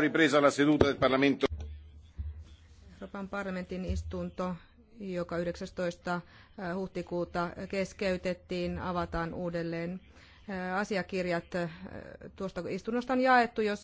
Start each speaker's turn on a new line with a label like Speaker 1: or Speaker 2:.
Speaker 1: ripresa la seduta del parlamento.
Speaker 2: Euroopan parlamentin istunto, joka 19. Eh, huhtikuuta keskeytettiin, avataan uudelleen. Eh, asiakirjat eh, tuosta istunnosta on jaettu, jos